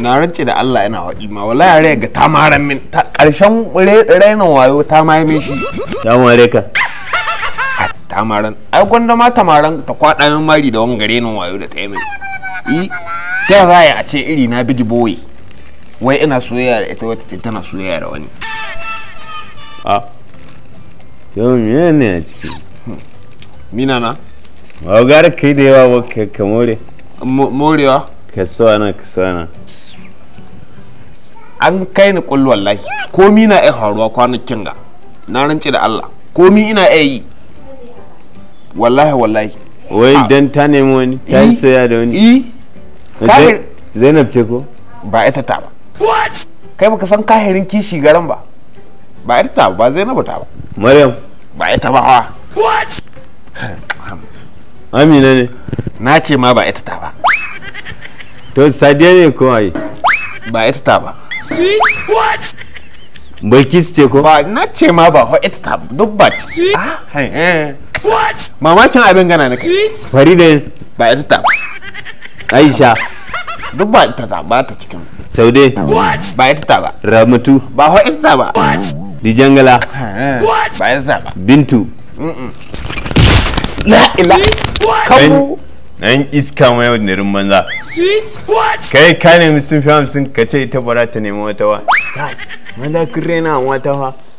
na rance da Allah yana waɗi ma wallahi rai ga ta maran min ta ƙarshen raina wayo ta mara min shi ya mare ka ta maran ai gwanda ma ta maran ta kwaɗa min mari da wanga rainan wayo da ta yi min i ta raya a ce iri na big boy wai ina soyayya da ita wata tana soyayya da wani a yau me ne a ciki mina na ba gara kai da yawa ba ka more morewa ka so ana ka so ana an kai ni kullu wallahi komi na iya haruwa kwanakin ga na rance da Allah komi ina iya yi wallahi wallahi wai dan ta nemi wani ta yi soya da wani zainab ce ko ba ita ta ba kai baka san kahirin kishi garan ba ba ita ta ba zainab ta ba maryam ba ita ba wa amina ne na ce ma ba ita ta ba to sadiya ne ko ai ba ita ta ba Sweet what? Bai kiss ce ko? Ba na ce ma ba ho ita ta dubbat. Sweet. Ah, eh. What? Mamakin abin gana ne kai. Farida ba ita ta. Aisha. Duk ba ita ta ba ta cikin. Saude. Ba ita ta ba. Ramatu. Ba ho ita ta ba. Dijangala. Eh. Ba ita ta ba. Bintu. La ila. Kamu. nan iska mai wadannan manza. kai ka nemi sun fi hamsin ka ce ita bara ta nemi wata wa maza kun rena wata wa